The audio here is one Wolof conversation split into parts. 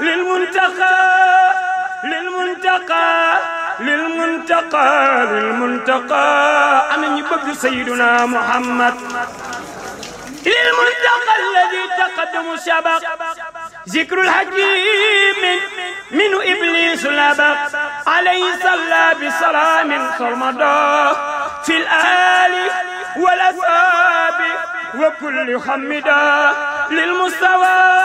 للمنتقى للمنتقى للمنتقى للمنتقى أنا نبغي سيدنا محمد للمنتقى الذي تقدم سبق ذكر الحكيم من إبليس لبق عليه صلى بسلام صرمدا في الآل والأساب وكل حمدا للمستوى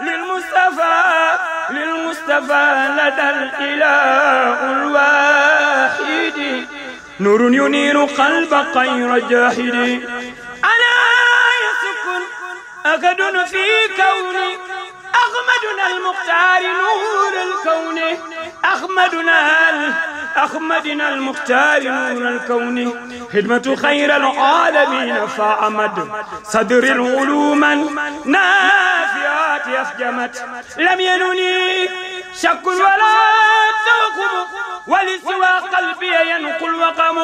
للمصطفى للمصطفى لدى الإله الواحد نور ينير قلب غير جاحد ألا يسكن أكد في كوني أغمدنا المختار نور الكون أغمدنا أخمدنا المختار نور الكون خدمة خير العالمين فأمد صدر العلوم نافعات أفجمت لم ينني شك ولا توقم ولسوى قلبي ينقل وقم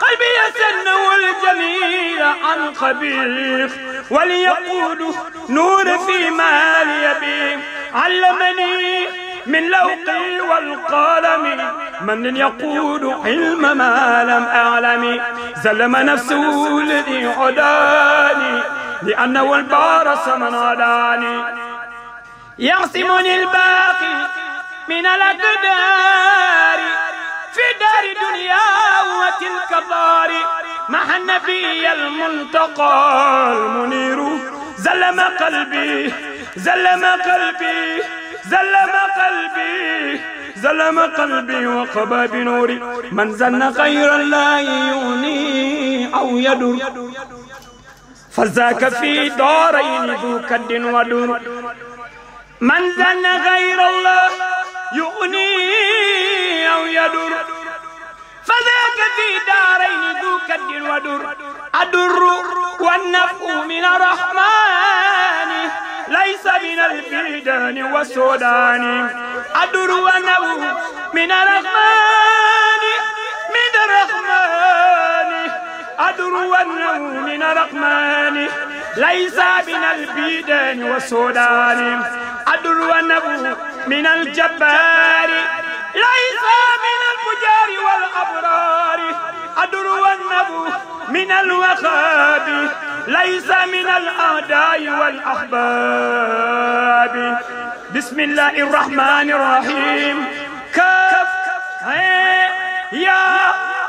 قلبي يسنه الجميل عن خبيث وليقود نور في مالي بي علمني من لوقي والقلم من يقود علم ما لم أعلم زلم نفسه الذي عداني لأنه البارس من عداني يعصمني الباقي من الأقدار في دار دنيا وتلك الدار مع النبي المنتقى المنير زلم قلبي زلم قلبي زلم قلبي زلم قلبي وقبى بنوري من زن خيرا لا يغني أو يدر فذاك في دارين ذو كد ودور من زن غير الله يغني أو يدر فذاك في دارين ذو كد ودر أدر والنفع من الرحمن ليس من البلدان والسودان أدر ونو من الرحمن من الرحمن أدر ونو من الرحمن ليس من البلدان والسودان أدر ونو من الجبار ليس من الفجار والأبرار أدر ونو من الوخاب ليس من الأعداء والأحباب بسم الله الرحمن الرحيم كاف يا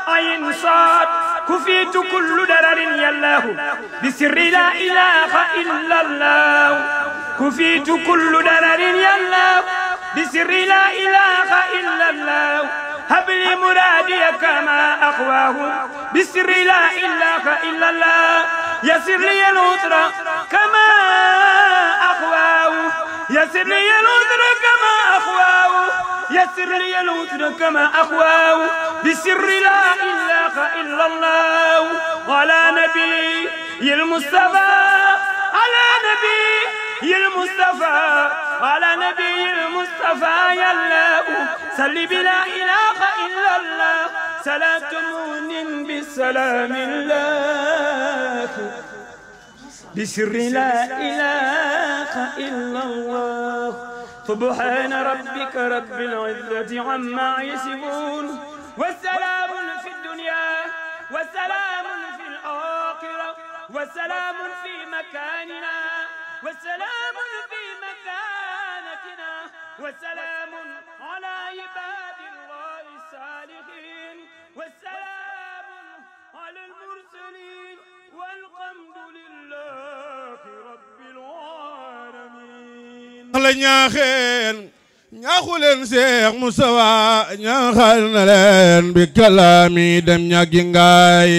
عين صاد كفيت كل درر يا الله بسر لا إله إلا الله كفيت كل درر يا الله بسر لا إله إلا الله هب لي مرادي كما أقواه بسر لا إله إلا الله يسر لي العسر كما أقواه يسر لي العسر كما أقواه يسر لي العسر كما أقواه بسر لا إله إلا الله وعلى نبي المصطفى على نبي المصطفى على نبي المصطفى يا الله صل بلا إله إلا الله صلاة من بسلام الله بسر لا إله إلا الله سبحان ربك رب العزة عما يصفون والسلام في الدنيا والسلام في الآخرة والسلام في مكاننا وسلام في مكانتنا وسلام على عباد الله الصالحين والسلام على المرسلين والحمد لله رب العالمين la ñaaxeen ñaaxu leen Seex Musaa ñaaxal na leen bi kalaami dem ñàggi ngaay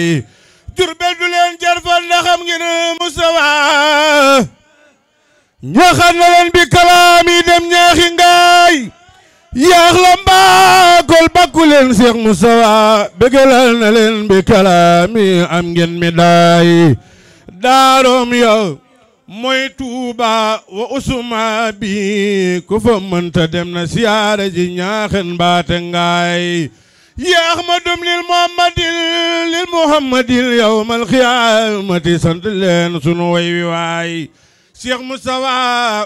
Jurbel du leen jar fa ndaxam ngeen Musaa ñaxal na leen bi kalaam yi dem ñaaxi ngaay yaax la mbaakol bakku leen Cheikh Moustapha bégalal na leen bi kalaam am ngeen mi daay daaroom yow mooy Tuuba wa usuma bi ku fa mënta dem na siyaare ji ñaaxen baate ngaay ya ahmadum lil muhammadil lil muhammadil yawmal qiyaamati sant leen sunu way Cheikh Moustapha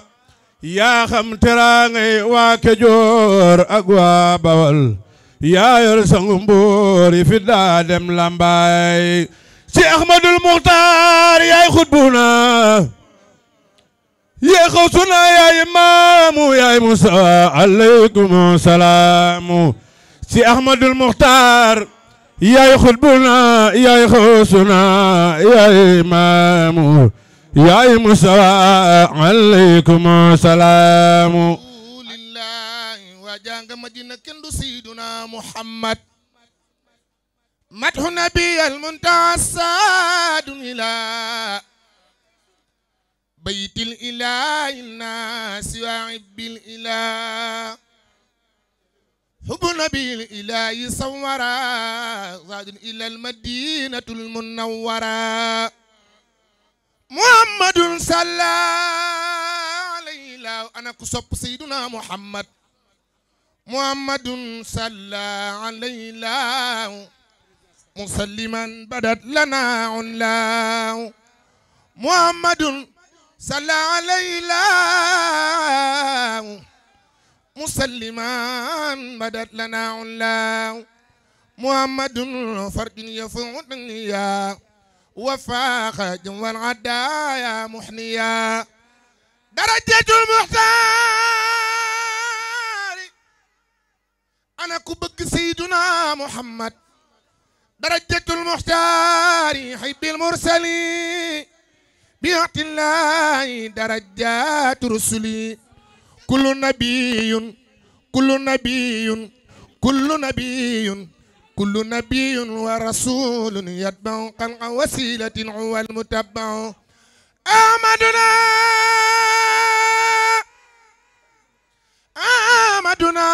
yaa xam teraangay waa Kajoor ak waa Bawol yaa yor sangu mbuur yi fi daa dem Lambaay si Ahmadul Muxtaar yaay xutbuna yee xawsuna yaay imaamu yaay Musa aleykum salaamu si Ahmadul Muxtaar yaay xutbuna yaay xawsuna yaay imaamu yaay Musaa aleykum salaamu lillahi waa jàng Madina kenn du Seydina Muhammad madhu nabi almuntaha saadun ila baytil ilahi naasi wa ibbil ilah hubu nabil ilahi sawara saadun ila almadinatu almunawwara muhammadun sallallahu alayhi la ana ku sopp sayyiduna muhammad muhammadun sallallahu alayhi la مسلما بدت لنا علا محمد صلى علينا مسلما بدت لنا علا محمد فرد يفوتني يا وفاق جنوى العدايا محنيا درجة المختار أنا كبك سيدنا محمد درجة المختار حب المرسلين بيعطي الله درجات رسلي كل نبي كل نبي كل نبي kullu nabiyyun wa rasulun yatba'u qalqa wasilatin huwa al-mutabba'u amaduna amaduna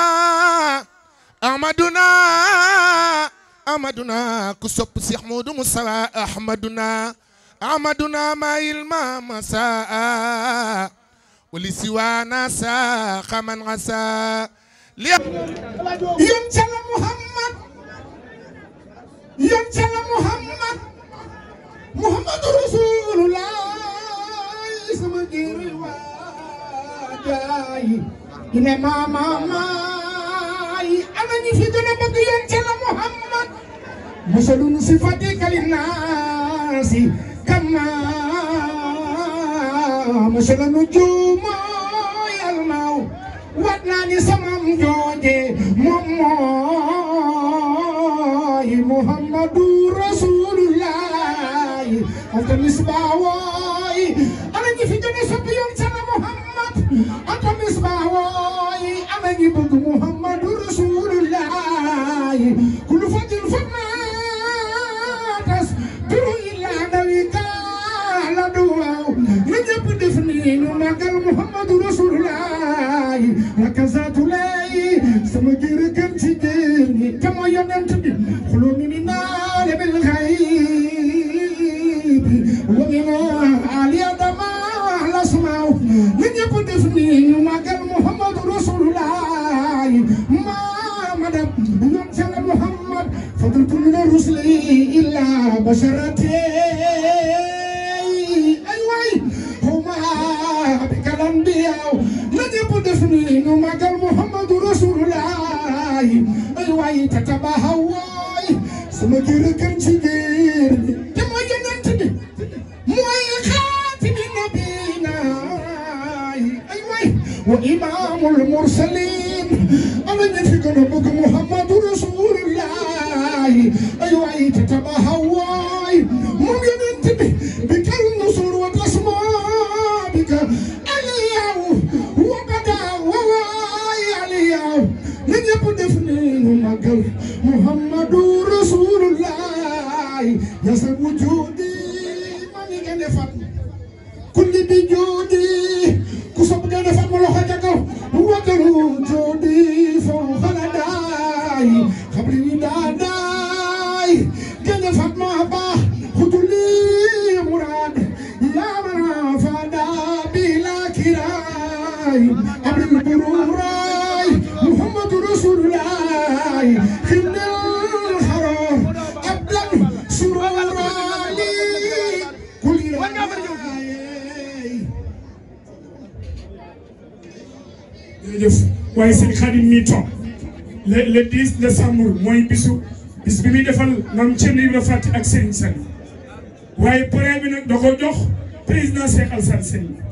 amaduna amaduna ku sopp Seex Moodu Musaa ahmaduna amaduna mayil ma masaa wali siwana sa xaman asa li yum sala Muhammad yonent Yàlla Muhammad Muhammadu Rasulullahi sama jëri waay yi ne ma ma maay ana ñu fi gën a bëgg yonent Yàlla Muhammad musalun sifatika linnaasi kama masala nu wat naa ni sama محمد رسول الله أنت الإسماء أنا في جنة la ñëpp def ni ñu magal Muhammadu Rasulullah ay waay te tabaxaw waay sama kër gën ci biir te mooy yonent bi mooy xaatimi nabina ay waay wa imaamul mursalin ana ñu fi gën a bëgg Muhammadu Rasulullah ay waay te tabaxaw الله قبل البروراي محمد رسول الله خدنا الحرام أبدا سروراني كل jërëjëf waaye sëñ Xadim mi toog le le dix décembre mooy bisu bis bi muy defal maam Thierno Ibra Fati ak Serigne Sall waaye pare bi nag da jox président Cheikh Alassane Sène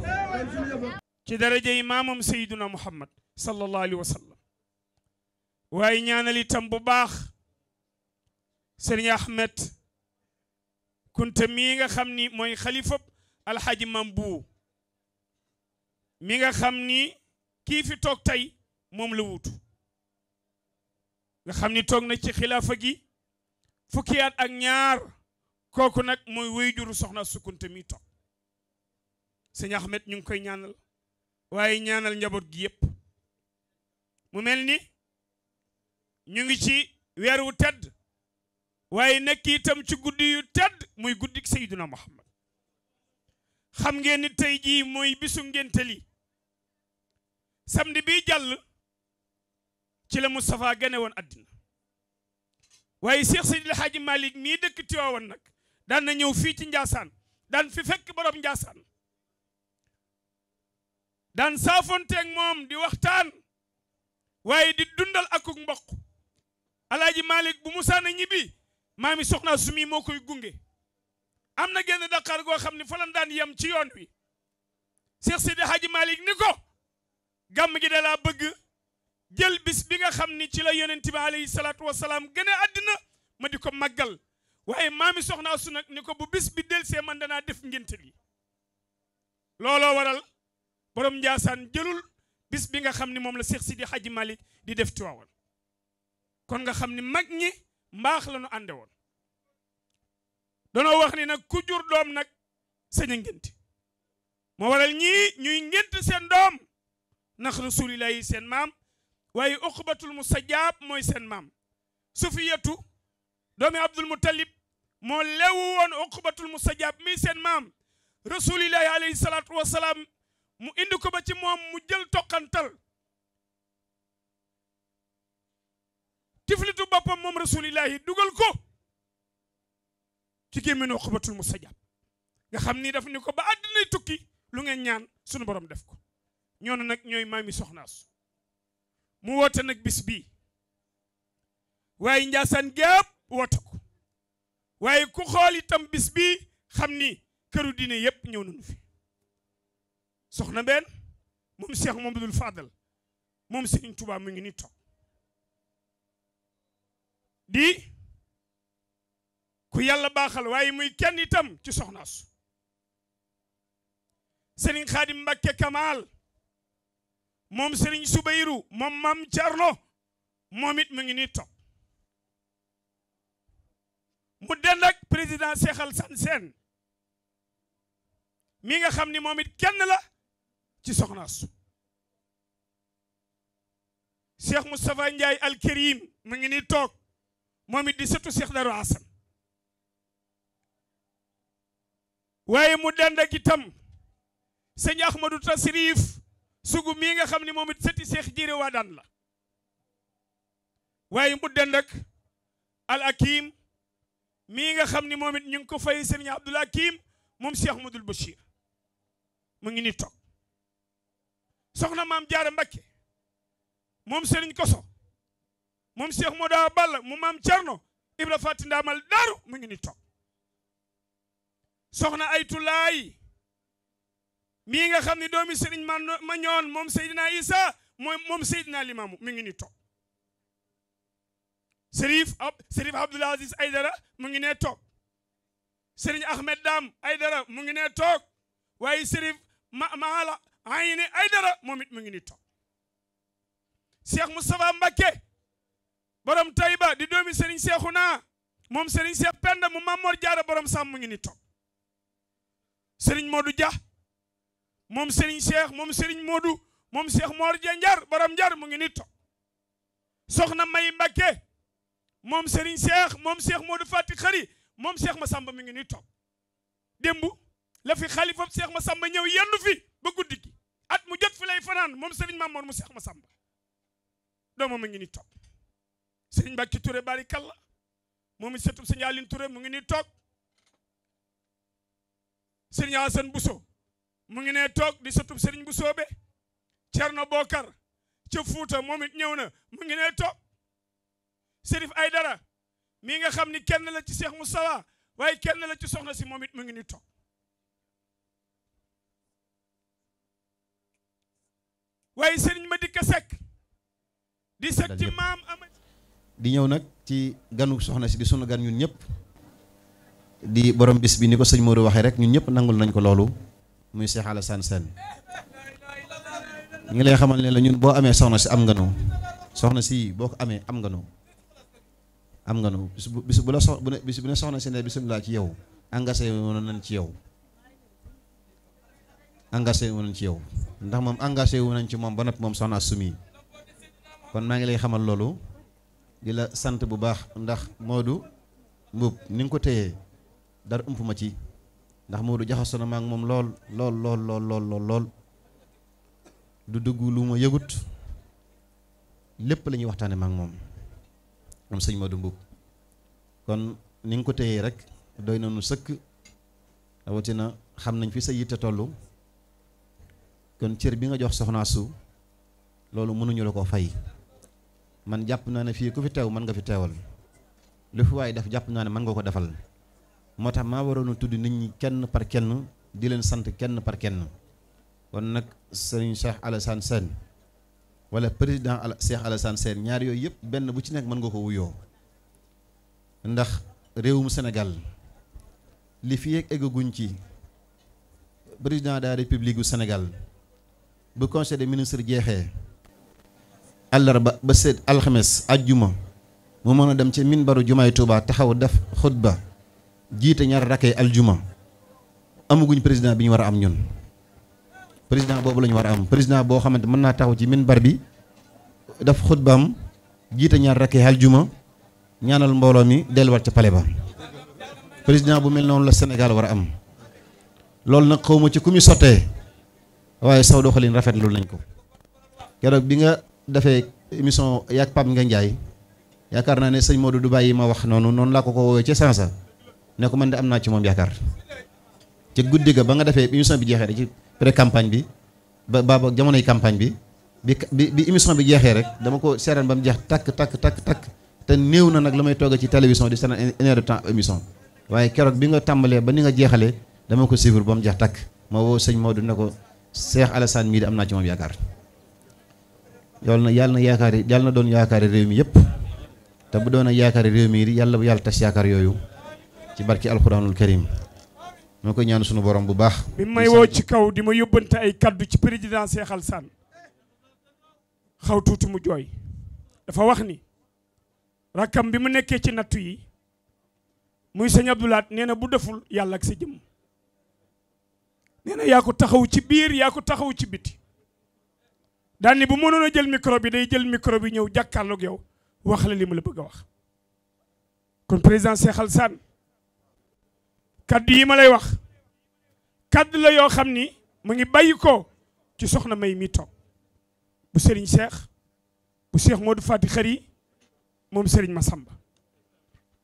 ci daraja yi maamam sayiduna muhammad sallallahu alayhi wa sallam waaye ñaanal itam bu baax sëriñ ahmed kunta mii nga xam ni mooy xalifab alxaaji mam buu mi nga xam ni kii fi toog tay moom la wuutu nga xam ni toog na ci xilaafa gi fukki at ak ñaar kooku nag mooy wéy juru soxna sukunta mi toog sëñ Ahmed ñu ngi koy ñaanal waaye ñaanal njaboot gi yépp mu mel ni ñu ngi ci weer tedd waaye nekk itam ci guddi yu tedd muy guddi Seydina Muhammad xam ngeen ni tey jii mooy bisu ngénte li samedi bii jàll ci la Moustapha gane woon àddina waaye Cheikh Seydil Hadji Malick mii dëkk Tiwaawan nag daan na ñëw fii ci Njaasaan daan fi fekk borom Njaasaan daan saafonteeg moom di waxtaan waaye di dundal akuk mbokk alaaji malik bu musaana ñibbi maami soxna sumi moo koy gunge am na genn daqaar goo xam ne fa lan daan ci yoon wi Cheikh Sidi Hadji Malick ni ko gàmm gi dalaa bëgg jël bis bi nga xam ni ci la yonent bi alayhi salaatu wasalaam gën a àddina ma di ko màggal waaye maami soxna su nag ni ko bu bis bi del see man danaa def ngénte li looloo borom Ndiassane jëlul bis bi nga xam ne moom la Cheikh Sidi Hadji Malick di def Tiwaawan kon nga xam ne mag ñi mbaax la ñu ànde woon danoo wax ni nag ku jur doom nag sañ a ngénti moo waral ñii ñuy ngént seen doom ndax rasulillahi seen maam waaye uqbatul musajab mooy seen maam sufiyatu doomi abdul mutalib moo leewu woon uqbatul musajab mii seen maam rasulillahi alayhi salatu wasalaam mu indi ko ba ci moom mu jël toqantal tiflitu boppam moom rasulillahi dugal ko ci gémminu xubatul mustajab nga xam ni daf ni ko ba àddinay tukki lu ngeen ñaan sunu borom def ko ñoonu nag ñooy mi soxnaasu mu woote nag bis bii waaye njaasaan gépp woote ko waaye ku xooli itam bis xam ni këru diine yépp ñëw nañu fi soxna benn moom Cheikh Mamadou Fadal moom Serigne Touba mu ngi ni toog di ku yàlla baaxal waaye muy kenn itam ci soxnaasu Serigne Khadim Mbacké Kamal moom Serigne Soubayrou moom Mam Thierno moom it mu ngi ni toog mu dend président Cheikh Alassane Sène mi nga xam ni moomit it kenn la ci soxnaasu cheikh moustapha ndiaye alkarim mu ngi ni toog moom it di sëtu cheikh daru asan waaye mu dend itam sëñ ahmadou tasrif sugu mii nga xam ni moom it sëti cheikh jire waa daan la waaye mu dend ak al akim mii nga xam ni moom it ñu ngi ko fay sëriñ abdoul akim moom cheikh ahmadul bachir mu ngi ni toog soxna maam jaara Mbakke moom Serigne Koso moom Cheikh Modawa Balla mu maam Thierno Ibra Fati Ndaamal Daaru mu ngi ni toog soxna Aytulaay mii nga xam ne doomi Serigne ma ma ñoon moom Seydina Isa moom moom Seydina Limaamu mu ngi ni toog Serif Aydara mu ngi nee toog Serigne Ahmed Dam Aydara mu ngi nee toog waaye Serif ma maala Ayni Aidara moom it mu ngi ni toog Cheikh Moustapha Mbacké borom Taïba di doomi Serigne naa moom Serigne Cheikh Penda mu Mamor Diarra borom Sam mu ngi ni to Serigne Modou Dia moom Serigne Cheikh moom Serigne moodu moom Cheikh Mor Dia Ndiar borom Ndiar mu ngi ni toog Soxna May Mbacké moom Serigne Cheikh moom Cheikh Modou Fati Khari moom ma Massamba mu ngi ni toog démb la fi seex ma samba ñëw yendu fi fanaan moom seriñ Serigne Mamoor mu Seex Masamba doomam a ngi ni toog Serigne Mbàkke ture bari kàlla moom i sëtub Serigne Aline Touré mu ngi ni toog Serigne Assane Bousso mu ngi ne toog di sëtub Serigne Bousso be Cerno Bokar ca Fuuta moom it ñëw na mu ngi ne toog Serif Aydara mii nga xam ni kenn la ci Seex Mustafa waaye kenn la ci soxna si moom it mu ngi ni toog waaye sëriñ ma dikk sekk di sekk ci maam ama di ñëw nag ci ganu soxna si di sunu gan ñun ñëpp di borom bis bi ni ko sëñ Modou waxee rek ñun ñëpp nangul nañ ko loolu muy Cheikh Alassane Sène ñu ngi lay xamal ne la ñun boo amee soxna si am nga nu soxna si boo ko amee am nga nu am nga nu bis bu bis bu la ne soxna si ne bisimilah ci yow engagé woon nañ ci yow engagé woon nañ ci yow ndax moom engagé wu nañ ci moom ba noppi moom soxna sumi kon maa ngi lay xamal loolu di la sant bu baax ndax Modou Mbuub ni nga ko téyee dara ump ma ci ndax Modou jaxasoo na ma moom lool lool lool du dugg lu ma yëgut lépp la ñuy waxtaane maak ak moom am sëñ Modou Mbuub kon ni nga ko téyee rek doy na sëkk rawatina xam nañ fi sa yitte tollu kon cër bi nga jox soxnaa su loolu mënuñu la ko fay man jàpp naa ne fii ku fi teew mën nga fi teewal lu fi waaye def jàpp naa ne man nga ko defal moo tax maa waroon a tudd nit ñi kenn par kenn di leen sant kenn par kenn kon nag sëriñ Cheikh Alassane Sène wala président Cheikh Alassane Sène ñaar yooyu yëpp benn bu ci nekk mën nga ko wuyoo ndax réewum senegal li fi yegg eggaguñ ci président de la république bu conseil des ministres jeexee àllarba ba seet alxames ajjuma mu mën a dem ca ci minbaru jumaay Touba taxaw def xutba jiite ñaar rakkee aljuma amaguñ président bi ñu war a am ñun président boobu lañu war a am président boo xamante mën naa taxaw ci minbar bi def xutbaam jiite ñaar rakkee aljuma ñaanal mbooloo mi delluwaat ca pale ba président bu mel noonu la Sénégal war a am loolu nag xawma ci ku muy sottee waaye saw doxalin rafetlu nañ ko keroog bi nga defee émission yaag Pape nga Ndiaye yaakaar naa ne sëñ Modou du bàyyi ma wax noonu noonu laa ko ko woowee ca sansa ne ko man de am naa ci moom yaakaar ca guddi ga ba nga defee émission bi jeexee rek ci pré campagne bi ba ba jamonoy campagne bi bi bi émission bi jeexee rek dama ko seetaan ba mu jeex takk takk takk takk te néew na nag la may tooga ci télévision di seetaan une heure de temps émission waaye keroog bi nga tàmbalee ba ni nga jeexalee dama ko suivre ba mu jeex takk ma woo sëñ Modou ne ko Seex Alasaan mii di am naa ci moom yaakaar yàlla na yàlla na yaakaar yàlla na doon yaakaari réew mi yëpp te bu doon a yaakaari réew mi di yàlla bu yàlla tas yaakaar yooyu ci barki alxuraanul karim moo koy ñaan suñu boroom bu baax. bi may woo ci kaw di ma yóbbante ay kaddu ci président Seex Alasaan xaw tuuti mu jooy dafa wax ni rakkam bi mu nekkee ci nattu yi muy sëñ Abdoulaat nee na bu deful yàlla ak sa jëmm. nee na yaa ko taxaw ci biir yaa ko taxaw ci biti daal ni bu mënoon a jël micro bi day jël micro bi ñëw jàkkaarloog yow wax la li mu la bëgg a wax kon président Cheikh Alassane kaddu yi ma lay wax kaddu la yoo xam ni mu ngi bàyyi ko ci soxna May mi toog bu Serigne Cheikh bu Cheikh Modou xër yi moom sëriñ ma Massamba.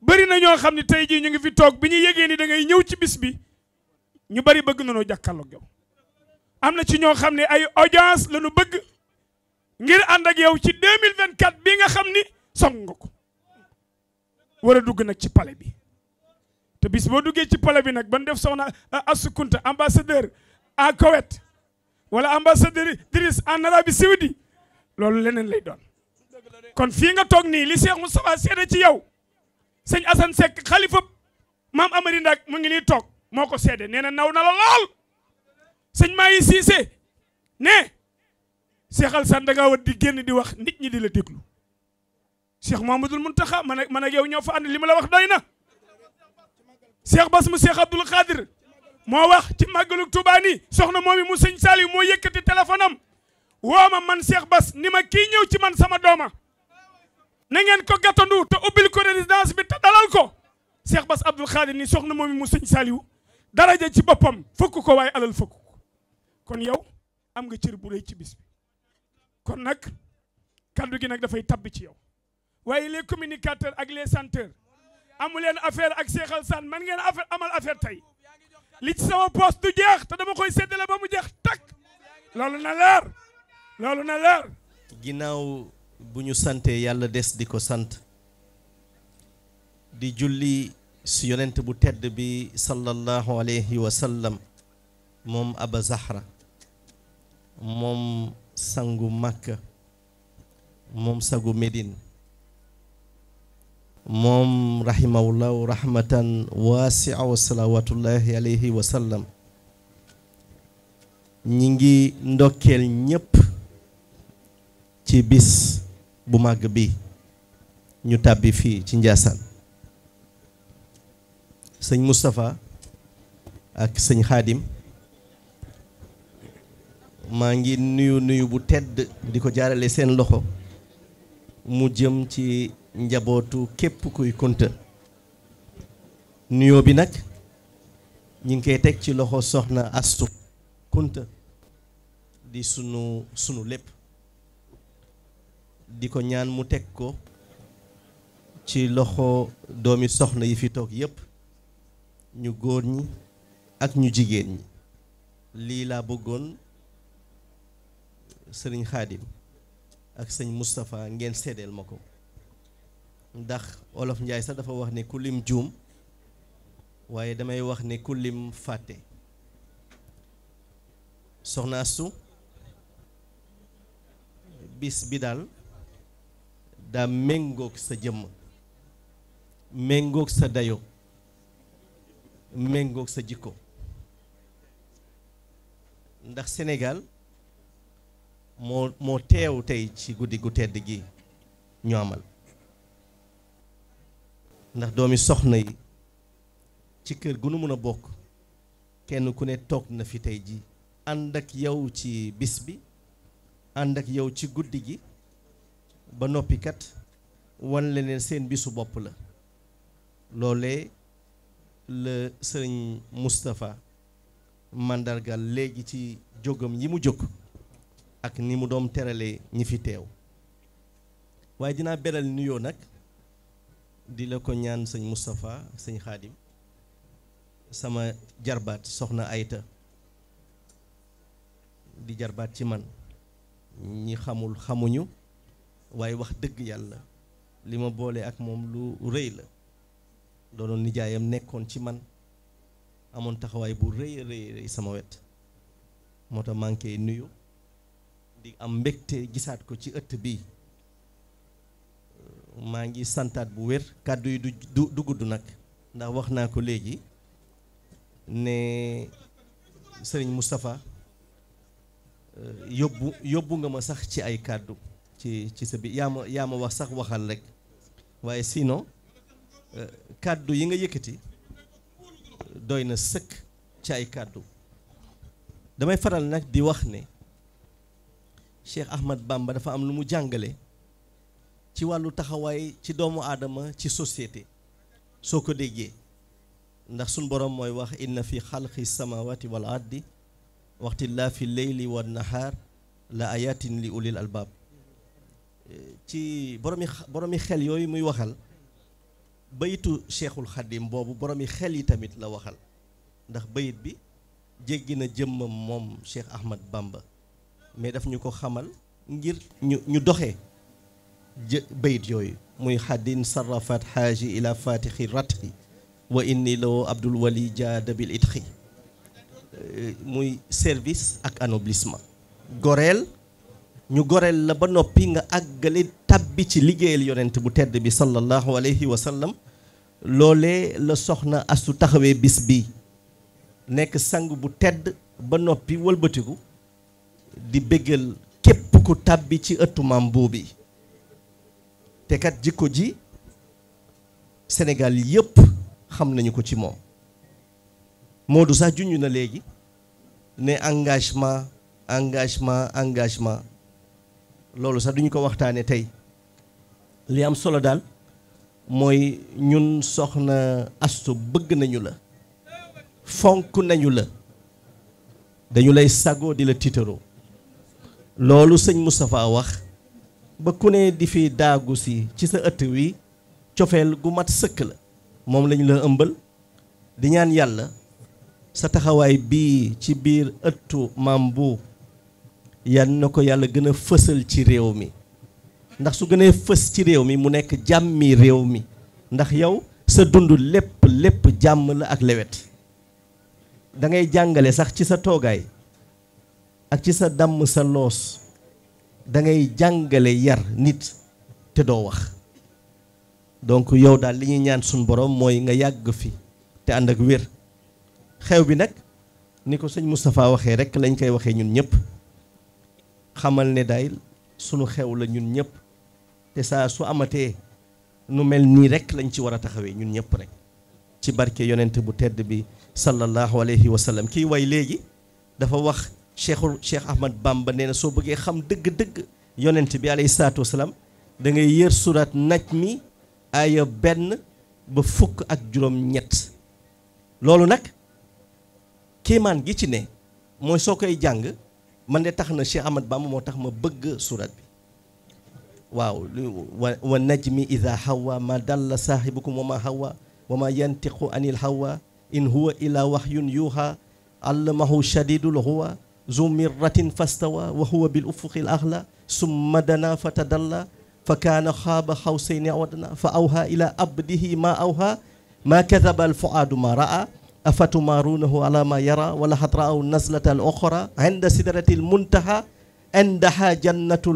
bëri na ñoo xam ne tey jii ñu ngi fi toog bi ñu yégee ni da ngay ñëw ci bis bi ñu bari bëgg nañoo jàkkaarloog yow am na ci ñoo xam ne ay audience la ñu bëgg ngir ànd ak yow ci 2024 bi nga xam ni song nga ko war a dugg nag ci palais bi te bis boo duggee ci palais bi nag ban def soxna euh, Astou Kounta ambassadeur à Koweït wala ambassadeur Idriss en Arabie Saoudi loolu leneen lay doon kon fii nga toog nii li Cheikh Moustapha seede ci yow sëñ Assane Seck xalifa maam Amary Ndak mu ngi nii toog moo ko seede nee na naw na la lool maa yi siise ne seexal Sandaga wat di génn di wax nit ñi di la déglu Cheikh Mouhamadoul Mountakha man ak man ak yow ñoo ànd li ma la wax doy na Cheikh Bass mu Cheikh Abdoul Khadir moo wax ci màggalug Tuubaa nii soxna moom mu sëñ Saliou moo yëkkati téléphone am woo ma man Cheikh Bass ni ma kii ñëw ci man sama dooma ne ngeen ko gàttandu te ubbil ko résidence bi te dalal ko Cheikh Bass Abdoul Khadir nii soxna moom mu sëñ Saliou daraja ci boppam fëkk ko waaye alal fëkk ko kon yow am nga cër bu rëy ci bis bi kon nag kaddu gi nag dafay tabb ci yow waaye les communicateurs ak les chanteurs amu leen affaire ak seexal san man ngeen affaire amal affaire tey li ci sama poste du jeex te dama koy séddale ba mu jeex tak loolu na leer loolu na leer ginnaaw bu ñu santee yàlla des di ko sant di julli si yonent bu tedd bi sallallahu alayhi wa sallam moom aba zahra moom sangu màkka moom sagu medin moom rahimahullahu rahmatan waasia wa salawatullahi alayhi wa ñi ngi ndokkeel ñépp ci bis bu màgg bi ñu tàbbi fii ci Njaasaan sëñ Moustapha ak sëñ Xaadim maa ngi nuyu nuyu bu tedd di ko jaarale seen loxo mu jëm ci njabootu képp kuy kunta nuyoo bi nag ñu ngi koy teg ci loxo soxna astu kunta di sunu sunu lépp di ko ñaan mu teg ko ci loxo doomi soxna yi fi toog yépp ñu góor ñi ak ñu jigéen ñi lii laa bëggoon sëriñ Xaadim ak sëñ mustafa ngeen seddeel ma ko ndax olof Njaay sax dafa wax ne ku lim waaye damay wax ne ku lim fàtte soxnaasu bis bi daal daa méngoog sa jëmm méngoog sa dayo méngoog sa jikko ndax Sénégal moo moo teew tey ci guddi gu tedd gi ñu amal ndax doomi soxna yi ci kër gu nu mën a bokk kenn ku ne toog na fi tey ji ànd ak yow ci bis bi ànd ak yow ci guddi gi ba noppikat wan leneen seen bisu bopp la loolee la sëriñ Moustapha mandargal léegi ci jógam yi mu jóg ak ni mu doom terale ñi fi teew waaye dinaa beral nuyoo nag di la ko ñaan sëñ Moustapha sëñ Xaadim sama jarbaat soxna Ayta di jarbaat ci man ñi xamul xamuñu waaye wax dëgg yàlla li ma boole ak moom lu rëy la doonoon nijaayam nekkoon ci man amoon taxawaay bu rëy rëy sama wet moo tax maa ngi koy nuyu di am mbegte gisaat ko ci ëtt bi maa ngi santaat bu wér kàddu yi du du gudd nag ndax wax naa ko léegi ne sëriñ Moustapha eh, yóbbu yóbbu nga ma sax ci ay kàddu ci ci sa bi yaa ma yaa ma wax sax waxal rek waaye sinon kàddu yi nga yëkkati doy na sëkk ci ay kàddu damay faral nag di wax ne Cheikh Ahmad Bamba dafa am lu mu jàngale ci wàllu taxawaay ci doomu aadama ci société soo ko déggee ndax suñ boroom mooy wax inna fi xalqi samawati wal ardi laa fi leyli wa nahaar la ayatin li ulil albaab ci boroomi xel yooyu muy waxal baytu cheikhul xadim boobu boromi xel yi tamit la waxal ndax bayt bi jéggi na jëmmam moom cheikh ahmad bamba mais daf ñu ko xamal ngir ñu ñu doxee jë bayit yooyu muy xaddin sarrafat xaaji ila fatixi ratxi wa inni loo abdul wali jaada bil itxi euh, muy service ak anoblisma goreel ñu goreel la ba noppi nga àggali tàbbi ci liggéeyal yonent bu tedd bi sallallahu alayhi wa sallam loolee la soxna astu taxawee bis bi nekk sang bu tedd ba noppi wëlbatiku di béggal képp ku tàbbi ci ëttu maam boobi te kat jikko ji Sénégal yépp xam nañu ko ci moom Modou sax junj na léegi ne engagement engagement engagement loolu sax duñu ko waxtaane tey li am solo daal mooy ñun soxna astu bëgg nañu la fonk nañu la dañu lay sago di la tiitaroo loolu sëñ Moustapha wax ba ku ne di fi daagu si ci sa ëtt wi cofeel gu mat sëkk la moom lañu la ëmbal di ñaan yàlla sa taxawaay bii ci biir ëttu maam bu yal na ko yàlla gën a fësal ci réew mi ndax su gënee fës ci réew mi mu nekk jàmmi réew mi ndax yow sa dund lépp lépp jàmm la ak lewet dangay jàngale sax ci sa toogaay ak ci sa dàmm sa loos dangay jàngale yar nit te doo wax donc yow daal li ñuy ñaan suñu boroom mooy nga yàgg fi te ànd ak wér xew bi nag ni ko sëñ Moustapha waxee rek lañ koy waxee ñun ñëpp xamal ne day sunu xew la ñun ñëpp te saa su amatee nu mel nii rek lañ ci war a taxawee ñun ñëpp rek ci barke yonent bu tedd bi sallallahu alayhi wa sallam kii way léegi dafa wax cheikhul cheikh Ahmad ba nee na soo bëggee xam dëgg-dëgg yonent bi alayhi salaatu wasalaam dangay ngay yër surat naj mi aaya benn ba fukk ak juróom-ñett loolu nag kéemaan gi ci ne mooy soo koy jàng man de tax na Cheikh Ahmad Bamba moo tax ma bëgg surat bi waaw wa wa najmi ida hawa ma dalla saahibukum wa ma hawa wa ma yantiqu anil hawa in huwa ila wahyun yuha allamahu shadidul huwa zu mirratin fastawa wa huwa bil ufuqil axla summa dana fa tadalla fa kaana xaaba xawsayni aw adna fa awha ila abdihi ma awha ma kadaba al fuaadu ma raa afatumaaruunahu ala ma yara wala xat raaw nazlata al oxra sidrati l muntaha indaha jannatu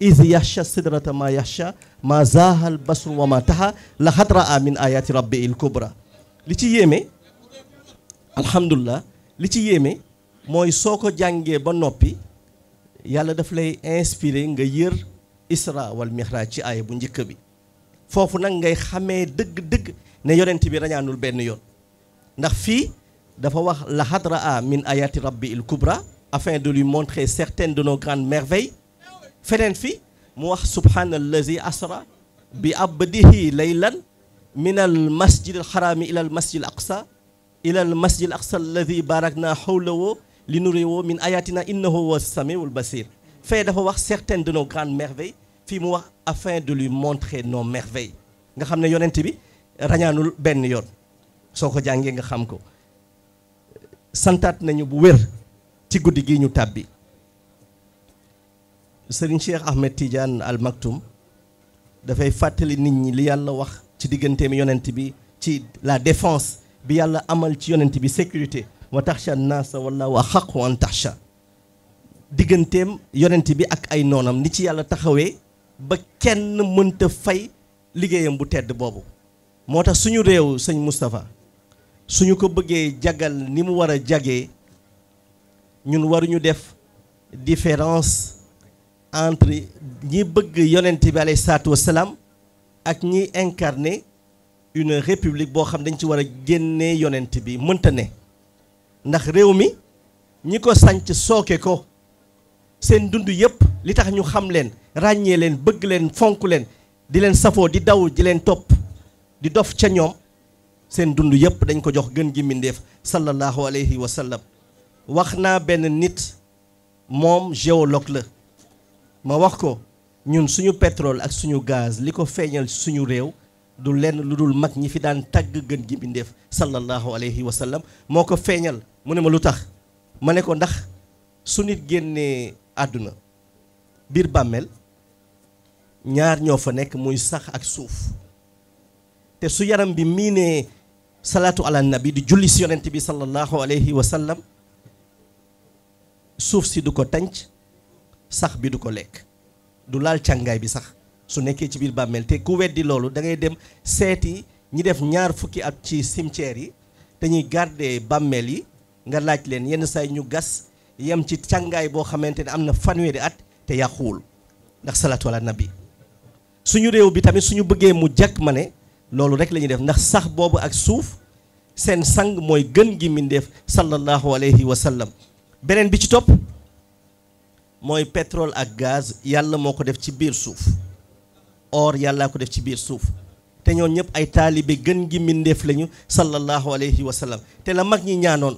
is yaxsha sidrata ma yaxsha ma zaaha al wa ma taha la raa min ayati rabbi il li ci yéeme alhamdulilah li ci yéeme mooy soo ko jàngee ba noppi yàlla daf lay inspiré nga yër isra wal mihraj ci aaya bu njëkk bi foofu nag ngay xamee dëgg-dëgg ne yonent bi rañaanul benn yoon ndax fii dafa wax la hadra a min ayati rabbi il kubra afin de lui montrer certaines de nos grandes merveilles feneen fi mu wax subhanallazi asra bi abdihi laylan min al masjid al xaraami ila al masjid al aqsa ila al masjid al aqsa allazi barakna xawlawo li nuriwo min ayatina innahu huwa samiul basir fee dafa wax certaines de nos grandes merveilles fii mu wax afin de lui montrer nos merveilles nga xam ne yonent bi rañaanul benn yoon soo ko jàngee nga xam ko santaat nañu bu wér ci guddi gi ñu tàbbi sëriñ Cheikh Ahmed Tidiane Al Maktoum dafay fàttali nit ñi li yàlla wax ci digganteem yonent bi ci la défense bi yàlla amal ci yonent bi sécurité wa taxsha naasa wallahu axaqu an taxsha digganteem yonent bi ak ay noonam ni ci yàlla taxawee ba kenn mënta fay liggéeyam bu tedd boobu moo tax suñu réew sëñ Moustapha suñu ko bëggee jagal ni mu war a jagee ñun waruñu def différence entre ñi bëgg yonent bi alayhi salaatu ak ñi incarné une république boo xam dañ ci war a génnee yonent bi mënta ne ndax réew mi ñi ko sanc sooke ko seen dund yépp li tax ñu xam leen ràññee leen bëgg leen fonk leen di leen safoo di daw di leen topp di dof ca ñoom seen dund yëpp dañ ko jox gën gi mbindéef sallallahu alayhi wa sallam wax naa benn nit moom géologue la ma wax ko ñun suñu pétrole ak suñu gaz li ko feeñal suñu réew du lenn lu dul mag ñi fi daan tagg gën gi mbindéef sallallahu alayhi wa sallam moo ko feeñal mu ne ma lu tax ma ne ko ndax su nit génnee àdduna biir bàmmeel ñaar ñoo fa nekk muy sax ak suuf te su yaram bi miinee salaatu ala nabi di julli si yonent bi sallallahu alayhi wa sallam suuf si du ko tànc sax bi du ko lekk du laal càngaay bi sax su nekkee ci biir bàmmeel te ku weddi loolu da dem seeti ñi def ñaar fukki at ci cimetière yi dañuy garder bàmmeel yi nga laaj leen yenn saay ñu gas yem ci càngaay boo xamante ne am na fanweeri at te yàquwul ndax salaatu ala nabi suñu réew bi tamit suñu bëggee mu jàkk ma ne loolu rek la def ndax sax boobu ak suuf seen sang mooy gën gi mbindeef sallallahu alayhi wa sallam beneen bi ci topp mooy pétrole ak gaz yàlla moo ko def ci biir suuf or yàllaa ko def ci biir suuf te ñoom ñëpp ay taalibe gën gi mbindeef lañu sallallahu alayhi wa sallam te la mag ñi ñaanoon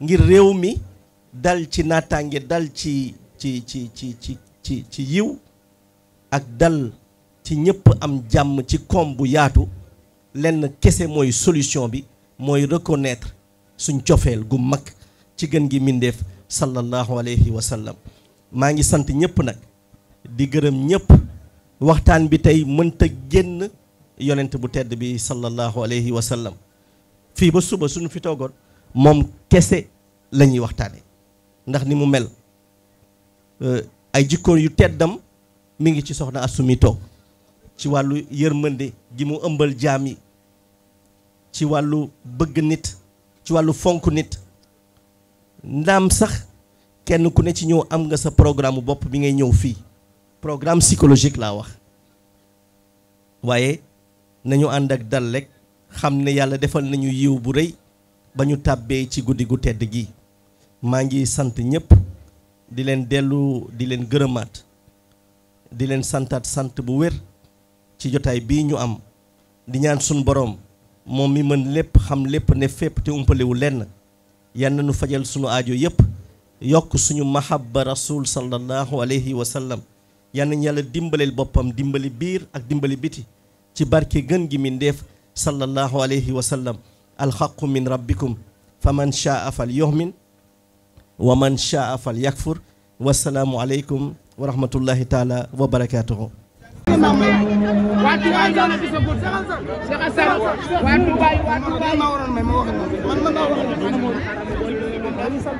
ngir réew mi dal ci naataange dal ci ci ci ci ci ci ci yiw ak dal ci ñëpp am jàmm ci koom bu yaatu lenn kese mooy solution bi mooy reconnaître suñ cofeel gu mag ci gën gi mbindeef sallallahu alayhi wa sallam maa ngi sant ñëpp nag di gërëm ñëpp waxtaan bi tey mënta génn yonent bu tedd bi sallallahu alayhi wa sallam fii ba suba suñu fi toogoon moom kese lañuy ñuy waxtaane ndax ni mu mel euh, ay jikkoon yu teddam mu ngi ci soxna asumi toog ci wàllu yërmande gi mu ëmbal jaam yi ci wàllu bëgg nit ci wàllu fonk nit ndam sax kenn ku ne ci ñëw am nga sa programme bopp bi ngay ñëw fii programme psychologique laa wax waaye nañu ànd ak dal rek xam ne yàlla defal nañu yiw bu rëy ba ñu tàbbee ci guddi gu tedd gi maa ngi sant ñëpp di leen dellu di leen gërëmaat di leen santaat sant bu wér ci jotaay bii ñu am di ñaan sun boroom moom mi mën lépp xam lépp ne fépp te umpalewu lenn yal na nu fajal sunu aajo yépp yokk suñu mahabba rasul sallallahu alayhi wa sallam yal nañu yàlla dimbaleel boppam dimbali biir ak dimbali biti ci barke gën gi min ndeef sallallahu alayhi wa sallam alxaqu min rabbikum fa man shaa fal yuhmin wa man shaa fal yakfur wasalaamu aleykum wa rahmatullahi wa barakaatuhu waa Touba ñoo la gisagul Cheikh Assane waa Touba yi waa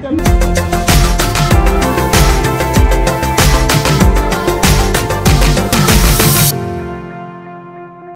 Touba yi.